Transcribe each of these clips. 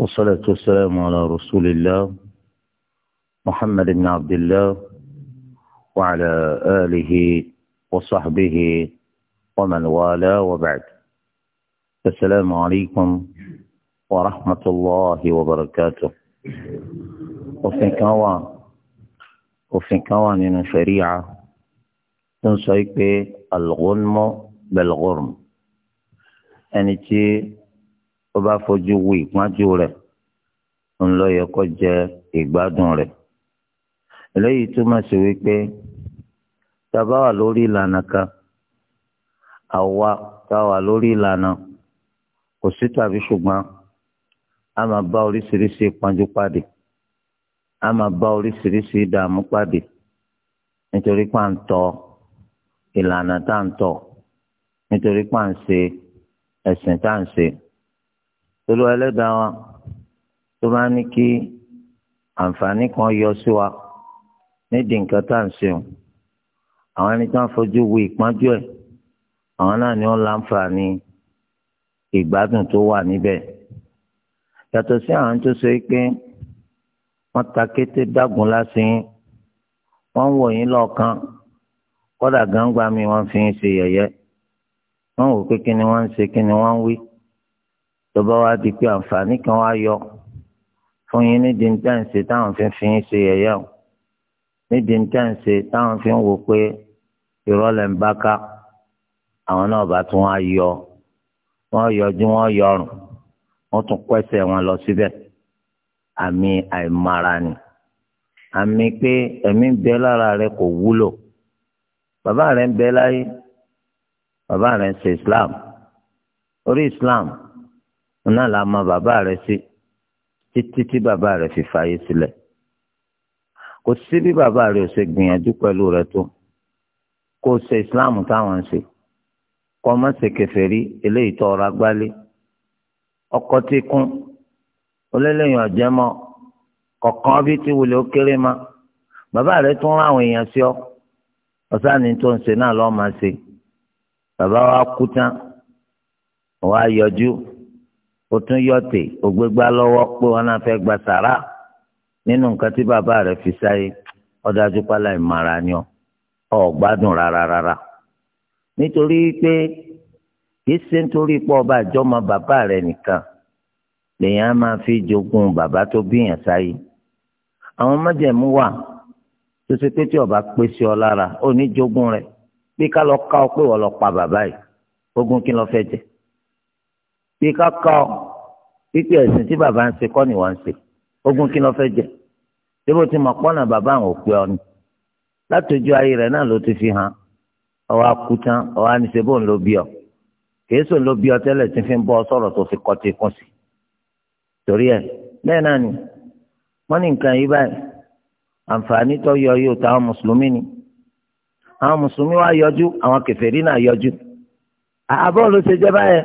والصلاة والسلام على رسول الله محمد بن عبد الله وعلى آله وصحبه ومن والاه وبعد السلام عليكم ورحمة الله وبركاته وفي كوا وفي كوا من شريعة تنسيك الغنم بالغرم أنتي يعني ó bá fojú wo ìpọ́njú rẹ̀ ń lọ yẹ kó jẹ ìgbádùn rẹ̀ eléyìí túmọ̀ sí wípé tàbá wà lórí ìlànà kan àwa tá a wà lórí ìlànà kò sí tàbí ṣùgbọ́n a máa bá oríṣiríṣi ìpọ́njú pàdé a máa bá oríṣiríṣi ìdààmú pàdé nítorí pà ń tọ ìlànà tá à ń tọ nítorí pà ń ṣe ẹ̀sìn tá à ń ṣe tolú ẹlẹ́dàá wa tó bá ní kí àǹfààní kan yọ sí wa nídìí nǹkan tá à ń ṣeun àwọn ẹni tó ń fojú wo ìpọ́njú ẹ̀ àwọn náà ni wọ́n láǹfààní ìgbádùn tó wà níbẹ̀ yàtọ̀ sí àwọn tó ṣe pé wọ́n ta kété dágun lásìí wọ́n ń wò yín lọ́ọ̀kan kódà gangba mi wọ́n fi ń ṣe yẹ̀yẹ́ wọ́n wò pé kí ni wọ́n ń ṣe kí ni wọ́n ń wí tó bá wá di pé àǹfààní kan wá yọ fún yín ní tàǹsì táwọn fi ń fi ṣe yẹ̀yẹ́ o ní tàǹsì táwọn fi ń wò pé ìrọ̀lẹ́ ń bá ká àwọn náà bá tún wá yọ wọ́n yọjú wọ́n yọrùn wọ́n tún pẹ́sẹ̀ wọn lọ síbẹ̀ àmì àìmara ni àmì pé ẹ̀mí ń lára rẹ kò wúlò bàbá rẹ ń bẹ láyé bàbá rẹ ń ṣe Islam orí Islam náà la mọ bàbá rẹ̀ sí títí tí bàbá rẹ̀ fi fàyè sílẹ̀ kò sí bí bàbá rẹ̀ ò ṣe gbìyànjú pẹ̀lú rẹ̀ tó kó ṣe islam táwọn ń ṣe kọ́ má ṣe kèfèrí eléyìí tó ọ̀rọ̀ agbálé ọkọ tí kún olólèyìn ọ̀jẹ́ mọ́ kọ̀ọ̀kan bí ti wulẹ̀ ó kéré ma bàbá rẹ̀ tún rán àwọn èèyàn sí ọ ọ̀sán tó ń ṣe náà lọ́ọ́ máa ṣe bàbá wa kú tán wàá yọjú ó tún yọ̀tẹ̀ ògbégbá lọ́wọ́ pé wọn náà fẹ́ gba sàrà nínú nǹkan tí bàbá rẹ̀ fi sáyé ọ̀dájú pálá ìmọ̀ra ni ọ ọ̀ gbádùn rárá rárá nítorí pé kì í ṣe nítorí pé ọba àjọmọ bàbá rẹ̀ nìkan lèyìn á máa fi jogún bàbá tó bíyàn sáyé àwọn májẹ̀mú wà tó ṣe pé tí ọba pé sí ọ lára ó ní jogún rẹ̀ bí ká lọ ká ọ pé wọ́n lọ pa bàbá yìí ogún kí ló fẹ́ jẹ bí kákà ọ pípẹ́ ẹ̀sìn tí bàbá ń ṣe kọ́ ni wọ́n ń ṣe ogún kí ló fẹ́ jẹ ṣé bó ti mọ̀ pọ́nà bàbá àwọn òpè ọ ni látọjú ayé rẹ̀ náà ló ti fi hàn ọwọ́ akután ọwọ́ àníṣe bóun ló bí ọ kìí sòun ló bí ọ tẹ́lẹ̀ tí fi ń bọ́ sọ̀rọ̀ tó fi kọ́ ti kún sí torí ẹ̀ bẹ́ẹ̀ náà ni wọ́n ní nǹkan yìí báyìí àǹfààní tó yọ yóò ta àwọn mùsùlùmí ni àwọn mùsùlùmí wá yọjú àwọn kèfèrí náà yọjú àbọ̀ ló ṣe jẹ́ báyẹn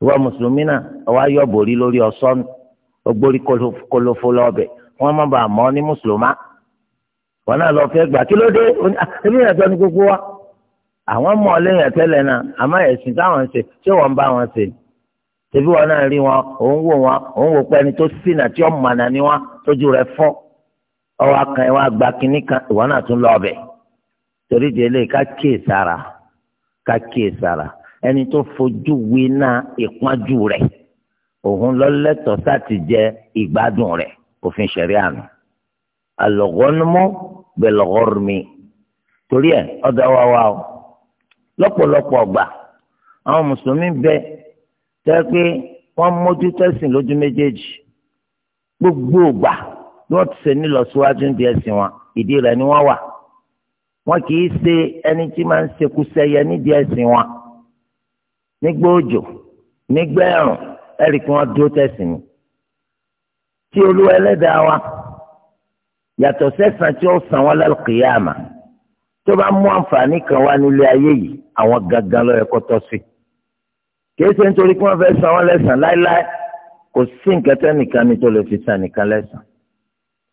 ìwọ mùsùlùmí náà ọwọ́ lori ọsọ lórí kolofo ogbórí kólófó lọ́ọ̀bẹ̀ wọ́n má bàa mọ́ ní mùsùlùmá wọn náà lọ fẹ gbà kí ló dé ẹbí ni ah, gbogbo wa àwọn mọ̀ lẹ́yìn ẹ̀tẹ́lẹ̀ náà na amaghị táwọn ṣe ṣé wọ́n bá wọn ṣe wọn náà rí wọn òun wò wọn òun wò pé ẹni tó tí ó ni wọn tójú agba kínní kan ìwọ náà tún lọ torí ká kíyè sára ká kíyè ẹni tó fojú winá ìpọ́njú rẹ̀ òun lọ́lẹ́tọ̀ sáti jẹ ìgbádùn rẹ̀ òfin ṣẹ̀rí àná. àlọ́gọ́nùmọ́ bẹ̀lọ́gọ́rùmí torí ẹ̀ ọ̀dọ̀ wa wa o lọ́pọ̀lọpọ̀ ọgbà àwọn mùsùlùmí bẹ tẹ́ pé wọ́n mójú tẹ̀sìn lójú méjèèjì gbogbo ògbà bí wọ́n ti ṣe nílọsíwájú ń di ẹ̀sìn wọn ìdí rẹ̀ ni wọ́n wà wọ́n kì í ṣe ẹni tí máa ń ṣekúṣẹyẹ nídìí ẹ̀sìn wọn nígbà òjò nígbà ẹ̀rùn ẹ̀rì kí wọ́n dúró tẹ̀sí ni. tí olúwa ẹlẹ́dàá wa yàtọ̀ sẹ́sàn tí ó sàn wọ́n lálùkìyàmà tó bá mú àǹfààní kan wá nílé ayé yìí àwọn gangan ló yẹ kó sí. kìí ṣe nítorí kí wọ́n fẹ́ san wọ́n lẹ́sàn láéláé kò sí nǹkan tẹ́nìkan ni tó lè fi san nìkan lẹ́sàn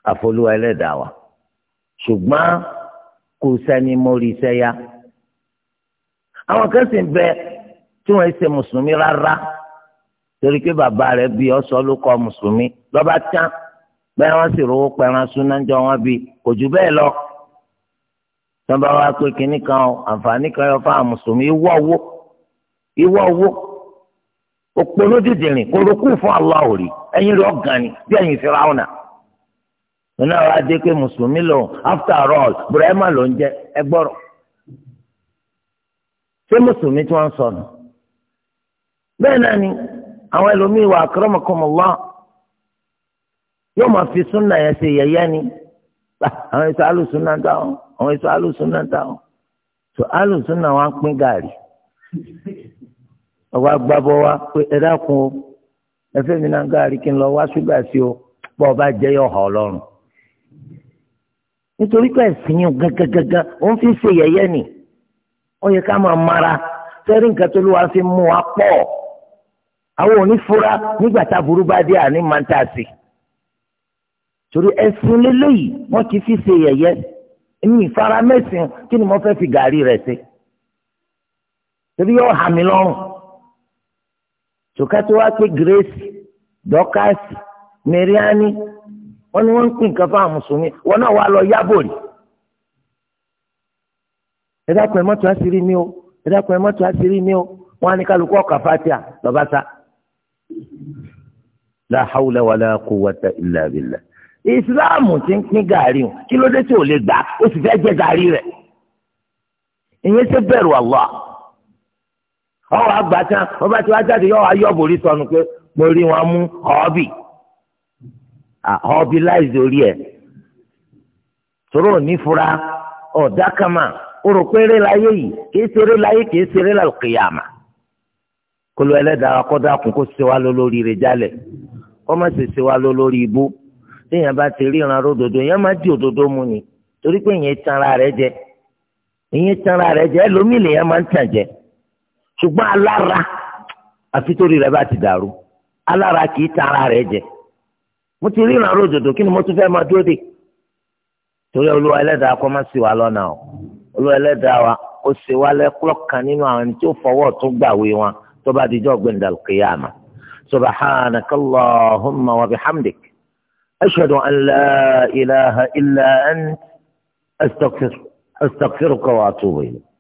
àfolúwa ẹlẹ́dàá wa ṣùgbọ́n kò sẹ́ni mórí iṣẹ́ yá. àwọn kan sì ń bẹ tí wọ́n ṣe mùsùlùmí rárá torí pé bàbá rẹ̀ bí ọ̀sọ́ ló kọ́ mùsùlùmí lọ́ba tán bẹ́ẹ̀ wọ́n sì rówó pẹran súnájọ́ wọn bí kò jù bẹ́ẹ̀ lọ. tọ́ba wa pé kinní kan o àǹfààní kan yọ fáwọn mùsùlùmí ìwọ owó ìwọ owó òpònú dìdìrín kórókù fún aláwò rí ẹ̀yin rẹ̀ ọ̀gàn ni bí ẹ̀yin fi ráwọn náà. nínú àwọn adé pé mùsùlùmí lòun after all bùrẹ́mà ló ń jẹ ẹgbọ́rọ̀ ṣé mùsùlùmí tí wọ́n ń sọnù bẹ́ẹ̀ náà ni àwọn ẹlòmíín wà akramakumullah yóò máa fi súnà yẹn ṣe ni àwọn èso alùsùnà táwọn àwọn èso alùsùnà táwọn tó alùsùnà wọn pín gàrí ọwọ́ agbábọ́ wa pé ẹ dákun o ẹ fẹ́ mi náà gàrí kí n lọ wá ṣúgà sí o bọ́ ọ bá jẹ́ yọ̀ ọ́ lọ́rùn nítorí pé ẹ̀sìn yẹn ó ń fi ṣe yẹ̀yẹ́ ni ó yẹ mara nǹkan tó ló fi mú wa àwọn òní fura nígbà tá burú bá dé àní máa ń tà sí torí ẹ̀sìn lélẹ́yìí wọ́n ti fi ṣe yẹ̀yẹ́ ní ìfaramẹ́sìn kí ni mo fẹ́ fi gàrí rẹ̀ ṣe torí yóò hà mí lọ́rùn tòkátó wá pé grace dọ́kásì mẹ́ríání wọ́n ní wọ́n ń pín nǹkan fáwọn mùsùlùmí wọn náà wá lọ yábò rí ẹ dákun ẹ mọ́tò àṣírí mi o ẹ dákun ẹ àṣírí mi o wọ́n á ní kálukú ọkà fatia lọ́ba sá la hawla wala quwwata illa billah islam ti ń pín o kí ló dé tí o lè gbà o sì fẹ́ jẹ gàrí rẹ̀ ìyẹn ṣe bẹ̀rù Allah ọwọ́ àgbà ọba tí wàá jáde yọ ayọ́ borí sọnù pé mo rí wọn mú ọ́ọ́bì ẹ̀ nífura pé eré láyé yìí láyé lálùkìyàmà kólú kọmasị sèse wa lọ lórí ibú bá ti ríran ródòdó èèyàn máa di òdòdó mu ni torí pé èèyàn tanra rẹ jẹ èèyàn tanra rẹ̀ jẹ ẹlòmíì jẹ ṣùgbọ́n alára bá ti dàrú alára tanra rẹ jẹ mo ti ródòdó kí ni mo tún fẹ́ máa dúró torí olúwa ẹlẹ́dàá o olúwa ẹlẹ́dàá wa ó ṣe wa lẹ́kọ́ kan nínú àwọn ẹni tó fọwọ́ tó gbàwé wọn tó سبحانك اللهم وبحمدك أشهد أن لا إله إلا أنت أستغفر أستغفرك وأتوب إليك